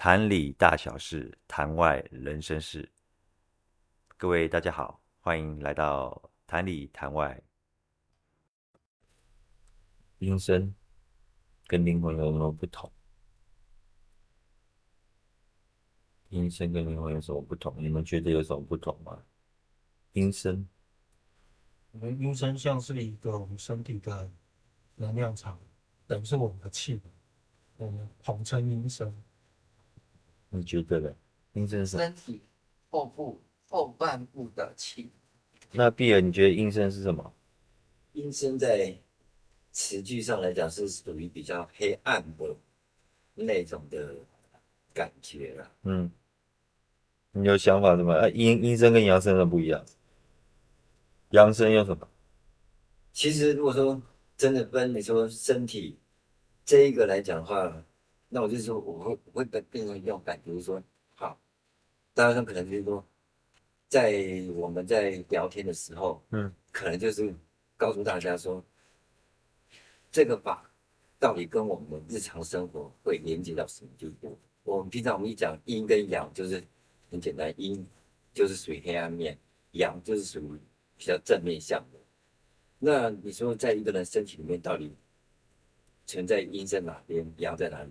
壇裡大小事，壇外人生事。各位大家好，歡迎來到壇裡壇外。陰身跟靈魂有什麼不同？陰身跟靈魂有什麼不同？你們覺得有什麼不同嗎？陰身？我們陰身像是一個我們身體的能量場，等於是我們的氣，我們統稱陰身。你覺得嘞？陰身是身體後部後半部的氣。那碧兒，你覺得陰身是什麼？陰身在詞句上來講是屬於比較黑暗的那種的感覺啦。嗯，你有想法是嗎？啊，陰陰身跟陽身的不一樣。陽身有什麼？其實如果說真的分，你說身體這一個來講的話，那我就說我，我會我會變變成一種感覺，比如說好，大家可能就是說，在我們在聊天的時候，嗯，可能就是告訴大家說，這個法，到底跟我們的日常生活會連接到什麼？就我們平常我們一講陰跟陽，就是很簡單，陰就是屬於黑暗面，陽就是屬於比較正面向的。那你說在一個人身體裡面到底存在陰在哪邊，陽在哪裡？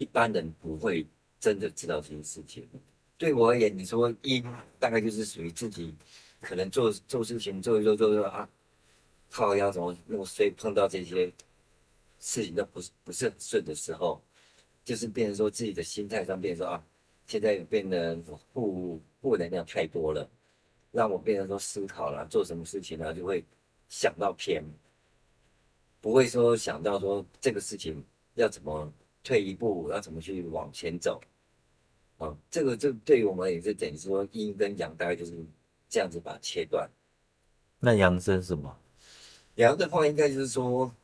一般人不會真的知道這些事情。對我而言，你說一大概就是屬於自己可能做做事情做一做做一做啊，好像怎麼那麼所以碰到這些事情，都不是不是很順的時候，就是變成說自己的心態上變成說啊，現在變得負負能量太多了，讓我變成說思考了啊，做什麼事情呢就會想到偏，不會說想到說這個事情要怎麼。退一步，要怎麼去往前走？哦，這個就對於我們也是等於說陰跟陽，大概就是這樣子把它切斷。那陽生什麼？陽的話，應該就是說，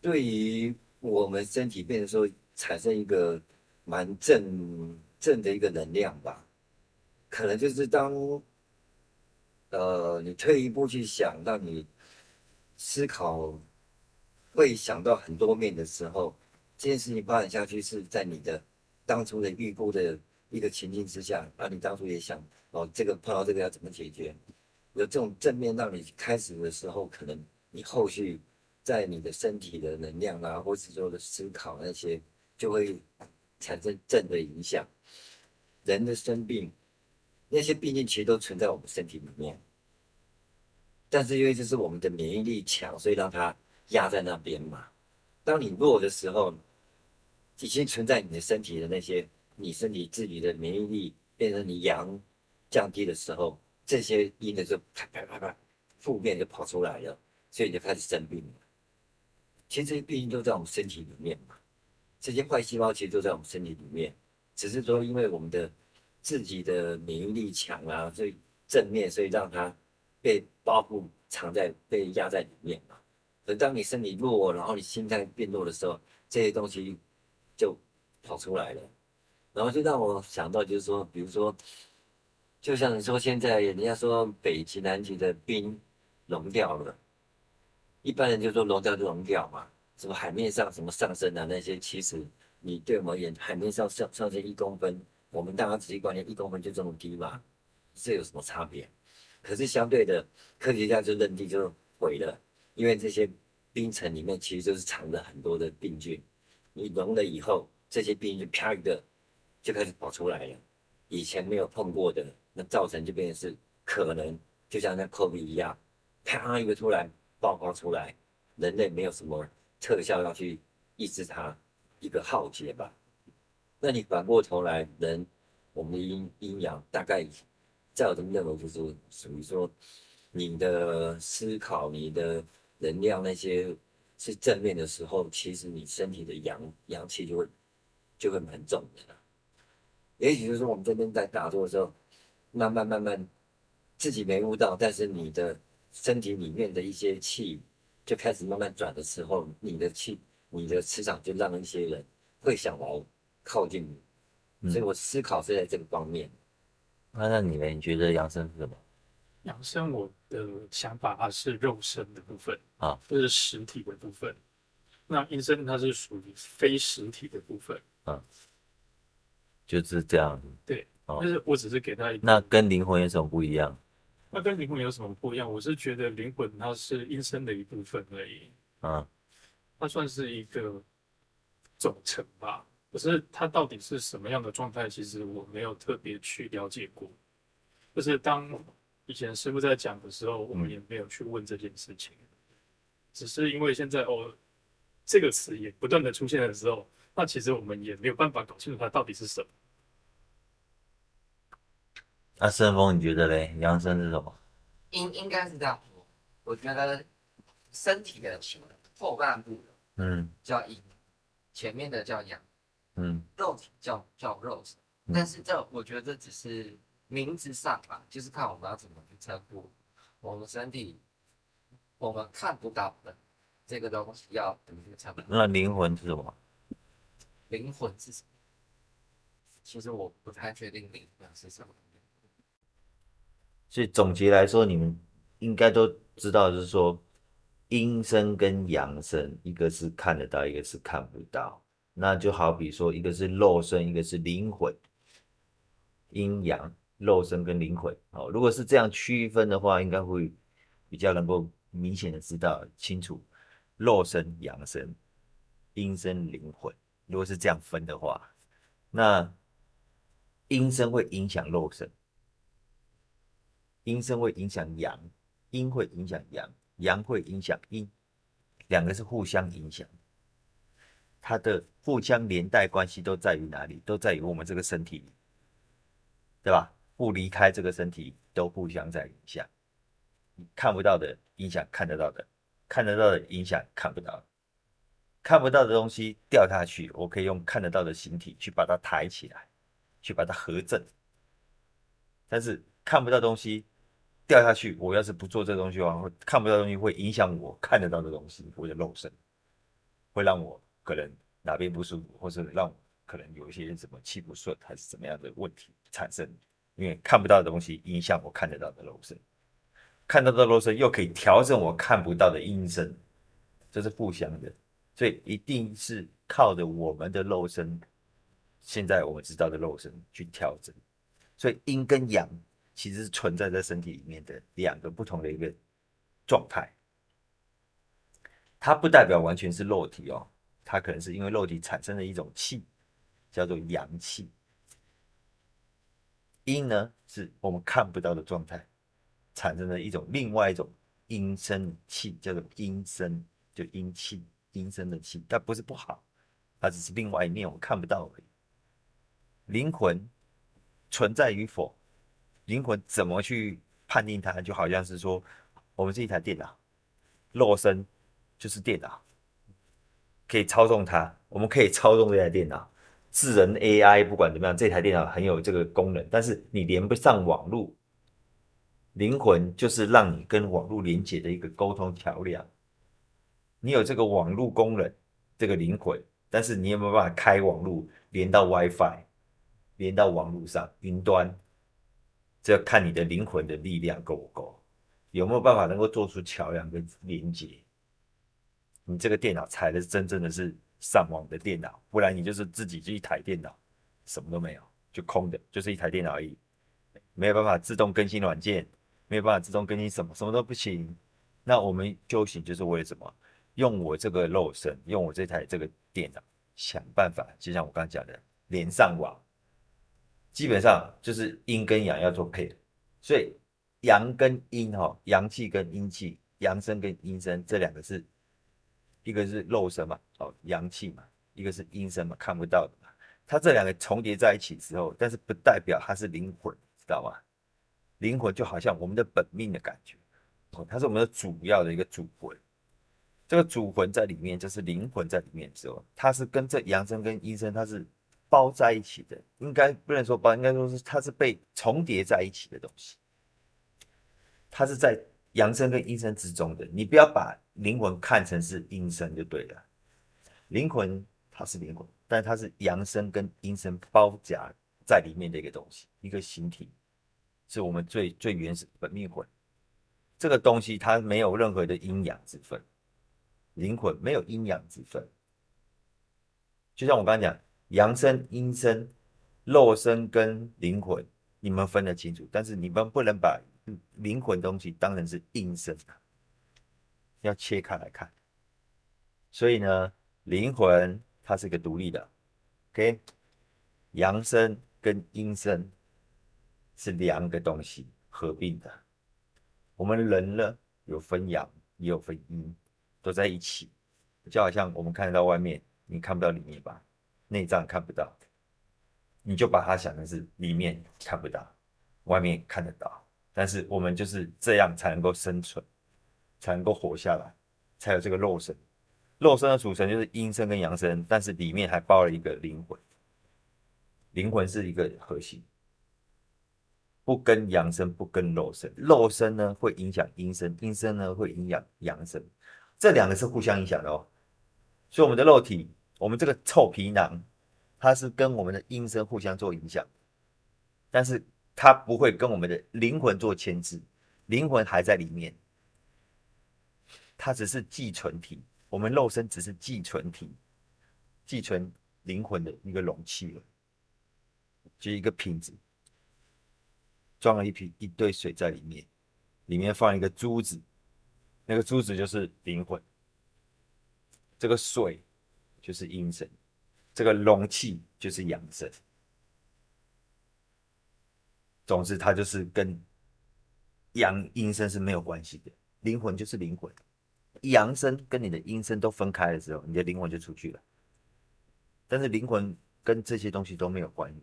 對於我們身體變的時候，產生一個蠻正正的一個能量吧。可能就是當呃，你退一步去想，讓你思考，會想到很多面的時候。這件事情發展下去是在你的當初的預估的一個情境之下，那、啊、你當初也想哦，這個碰到這個要怎麼解決？有這種正面，讓你開始的時候，可能你後續在你的身體的能量啊，或者是說思考那些，就會產生正的影響。人的生病，那些畢竟其實都存在我們身體裡面，但是因為這是我們的免疫力強，所以讓它壓在那邊嘛。當你弱的時候。已經存在你的身體的那些，你身體自己的免疫力變成你陽降低的時候，這些陰的就啪啪啪啪負面就跑出來了，所以就開始生病了。其實這些病因都在我們身體裡面嘛，這些壞細胞其實都在我們身體裡面，只是說因為我們的自己的免疫力強啊，所以正面，所以讓它被包袱藏在被壓在裡面嘛。而當你身體弱，然後你心態變弱的時候，這些東西。就跑出來了，然後就讓我想到，就是說，比如說，就像你說現在人家說北極、南極的冰融掉了，一般人就說融掉就融掉嘛，什麼海面上什麼上升啊那些，其實你對我們而言，海面上上上，上升一公分，我們大家直觀念，一公分就這麼低嘛，這有什麼差別？可是相對的，科學家就認定就是毀了，因為這些冰層裡面其實就是藏着很多的病菌。你融了以後，這些病就啪一個就開始跑出來了。以前沒有碰過的，那造成就變成是可能，就像那 COVID 一樣，啪一個出來，爆發出來，人類沒有什麼特效藥去抑制它，一個浩劫吧。那你反過頭來，人我們的陰陰陽大概再有這麼任何維度，屬於說你的思考、你的能量那些。是正面的時候，其實你身體的陽陽氣就會就會蠻重的啦。也許就是說，我們這邊在打坐的時候，慢慢慢慢自己沒悟到，但是你的身體裡面的一些氣就開始慢慢轉的時候，你的氣，你的磁場就讓一些人會想來靠近你、嗯。所以我思考是在這個方面。那、嗯啊、那你們覺得養生是什麼？陽身，我的想法啊，是肉身的部分啊，就是實體的部分。那陰身它是屬於非實體的部分，嗯、啊，就是這樣。對，啊、但是我只是給他一個。那跟靈魂有什麼不一樣？那跟靈魂有什麼不一樣？我是覺得靈魂它是陰身的一部分而已，啊，它算是一個總成吧。可是它到底是什麼樣的狀態？其實我沒有特別去了解過，就是當。以前師父在講的時候，我們也沒有去問這件事情，嗯、只是因為現在“哦”這個詞也不斷的出現的時候，那其實我們也沒有辦法搞清楚它到底是什麼。那、啊、生風你覺得嘞？陽身是什麼？應應該是這樣說，我覺得身體的後半部的，嗯，叫陰，前面的叫陽，嗯，肉體叫叫肉身，但是這我覺得這只是。名字上吧、啊、就是看我們要怎麼去稱呼我們身體，我們看不到的這個東西要怎麼去稱呼？那靈魂是什麼？靈魂是什麼？其實我不太確定靈魂是什麼。所以總結來說，你們應該都知道，就是說陰身跟陽身，一個是看得到，一個是看不到。那就好比說，一個是肉身，一個是靈魂，陰陽。肉身跟靈魂，好，如果是這樣區分的話，應該會比較能夠明顯的知道清楚肉身、陽身、陰身、靈魂。如果是這樣分的話，那陰身會影響肉身，陰身會影響陽，陰會影響陽，陽會影響陰，兩個是互相影響，它的互相連帶關係都在於哪裡？都在於我們這個身體裡，對吧？不離開這個身體，都互相在影響。你看不到的影響，看得到的；看得到的影響，看不到的。看不到的東西掉下去，我可以用看得到的形體去把它抬起來，去把它合正。但是看不到東西掉下去，我要是不做這東西的話，看不到東西會影響我看得到的東西，我的肉身，會讓我可能哪邊不舒服，或者讓我可能有一些什麼氣不順還是怎麼樣的問題產生。因為看不到的東西影響我看得到的肉身，看到的肉身又可以調整我看不到的陰身，這是互相的，所以一定是靠着我們的肉身，現在我們知道的肉身去調整。所以陰跟陽其實是存在在身體裡面的兩個不同的一個狀態，它不代表完全是肉體哦，它可能是因為肉體產生了一種氣，叫做陽氣。陰呢，是我們看不到的狀態，產生了一種另外一種陰身氣，叫做陰身，就陰氣、陰身的氣。它不是不好，它只是另外一面，我們看不到而已。靈魂存在與否，靈魂怎麼去判定它？就好像是說，我們是一台電腦，肉身就是電腦，可以操縱它，我們可以操縱這台電腦。智能 AI 不管怎麼樣，這台電腦很有這個功能，但是你連不上網絡，靈魂就是讓你跟網絡連接的一個溝通橋梁。你有這個網絡功能，這個靈魂，但是你有沒有辦法開網絡連到 WiFi，連到網絡上雲端？這要看你的靈魂的力量夠不夠，有沒有辦法能夠做出橋梁跟連接？你這個電腦才是真正的，是。上網的電腦，不然你就是自己就一台電腦，什麼都沒有，就空的，就是一台電腦而已，沒有辦法自動更新軟件，沒有辦法自動更新什麼，什麼都不行。那我們修行就是為了什麼？用我這個肉身，用我這台這個電腦，想辦法，就像我剛講的連上網，基本上就是陰跟陽要做配，所以陽跟陰哈，陽氣跟陰氣，陽身跟陰身，這兩個是。一個是肉身嘛，哦，陽氣嘛，一個是陰身嘛，看不到的嘛。它這兩個重疊在一起之後，但是不代表它是靈魂，知道嗎？靈魂就好像我們的本命的感覺，哦，它是我們的主要的一個主魂。這個主魂在裡面就是靈魂在裡面之後，它是跟這陽身跟陰身它是包在一起的，應該不能說包，應該說是它是被重疊在一起的東西。它是在。陽身跟陰身之中的，你不要把靈魂看成是陰身就對了。靈魂它是靈魂，但它是陽身跟陰身包夾在裡面的一個東西，一個形體，是我們最最原始的本命魂。這個東西它沒有任何的陰陽之分，靈魂沒有陰陽之分。就像我剛才講，陽身陰身，肉身跟靈魂，你們分得清楚，但是你們不能把。靈魂東西當然是陰身的，要切開來看。所以呢，靈魂它是個獨立的，OK? 生跟陽身跟陰身是兩個東西合併的。我們人呢，有分陽也有分陰，都在一起。就好像我們看得到外面，你看不到裡面吧？內臟看不到，你就把它想的是裡面看不到，外面看得到。但是我們就是這樣才能夠生存，才能夠活下來，才有這個肉身。肉身的組成就是陰身跟陽身，但是裡面還包了一個靈魂。靈魂是一個核心，不跟陽身，不跟肉身。肉身呢，會影響陰身，陰身呢，會影響陽身，這兩個是互相影響的哦。所以我們的肉體，我們這個臭皮囊，它是跟我們的陰身互相做影響，但是它不會跟我們的靈魂做牽制，靈魂還在裡面，它只是寄存體，我們肉身只是寄存體，寄存靈魂的一個容器了，就是一個瓶子，裝了一瓶一堆水在裡面，裡面放一個珠子，那個珠子就是靈魂，這個水就是陰身，這個容器就是陽身。總之，它就是跟陽陰身是沒有關係的，靈魂就是靈魂，陽身跟你的陰身都分開的時候，你的靈魂就出去了。但是靈魂跟這些東西都沒有關聯，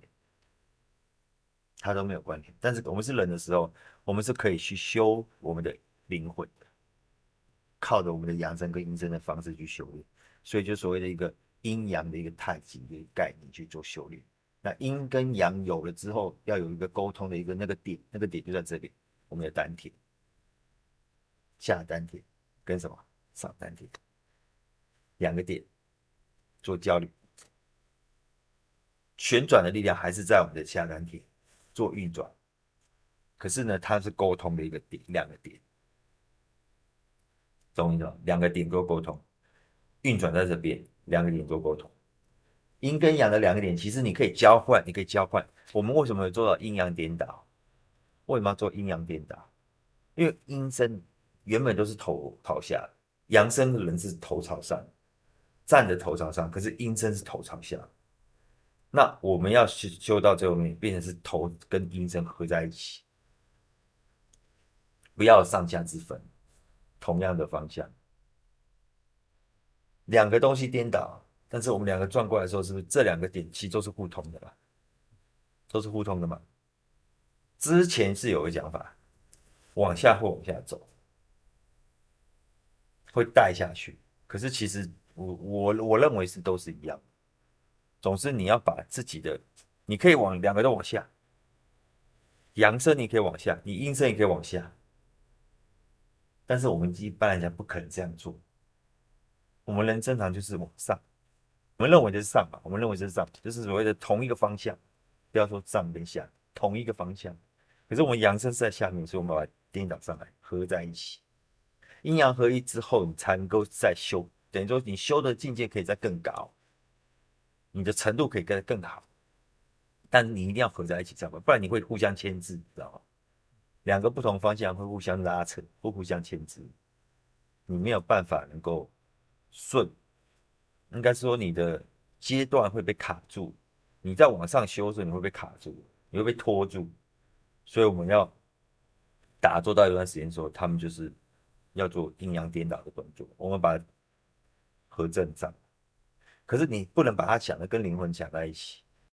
它都沒有關聯。但是我們是人的時候，我們是可以去修我們的靈魂，靠着我們的陽身跟陰身的方式去修煉，所以就所謂的一個陰陽的一個太極的一個概念去做修煉。那陰跟陽有了之後，要有一個溝通的一個那個點，那個點就在這邊，我們的丹田，下丹田跟什麼上丹田，兩個點做交流，旋轉的力量還是在我們的下丹田做運轉，可是呢，它是溝通的一個點，兩個點，懂不懂？兩個點做溝通，運轉在這邊，兩個點做溝通。陰跟陽的兩個點，其實你可以交換，你可以交換。我們為什麼會做到陰陽顛倒？為什麼要做陰陽顛倒？因為陰身原本都是頭朝下，陽身的人是頭朝上，站着頭朝上，可是陰身是頭朝下。那我們要修修到最後面，變成是頭跟陰身合在一起，不要上下之分，同樣的方向，兩個東西顛倒。但是我們兩個轉過來的時候，是不是這兩個點其實都是互通的啦？都是互通的嘛？之前是有個講法，往下或往下走，會帶下去。可是其實我我我認為是都是一樣。總之你要把自己的，你可以往兩個都往下，陽身你可以往下，你陰身也可以往下。但是我們一般來講不可能這樣做，我們人正常就是往上。我們認為這是上吧，我們認為這是上，就是所謂的同一個方向，不要說上跟下，同一個方向。可是我們陽身是在下面，所以我們把它顛倒上來，合在一起。陰陽合一之後，你才能夠再修，等於說你修的境界可以再更高，你的程度可以更更好。但是你一定要合在一起，知道嗎？不然你會互相牽制，你知道嗎？兩個不同方向會互相拉扯，會互相牽制，你沒有辦法能夠順。應該說，你的階段會被卡住，你再往上修的時候，你會被卡住，你會被拖住。所以我們要打坐到一段時間的時候，他們就是要做陰陽顛倒的動作。我們把和正蕩，可是你不能把它講的跟靈魂講在一起。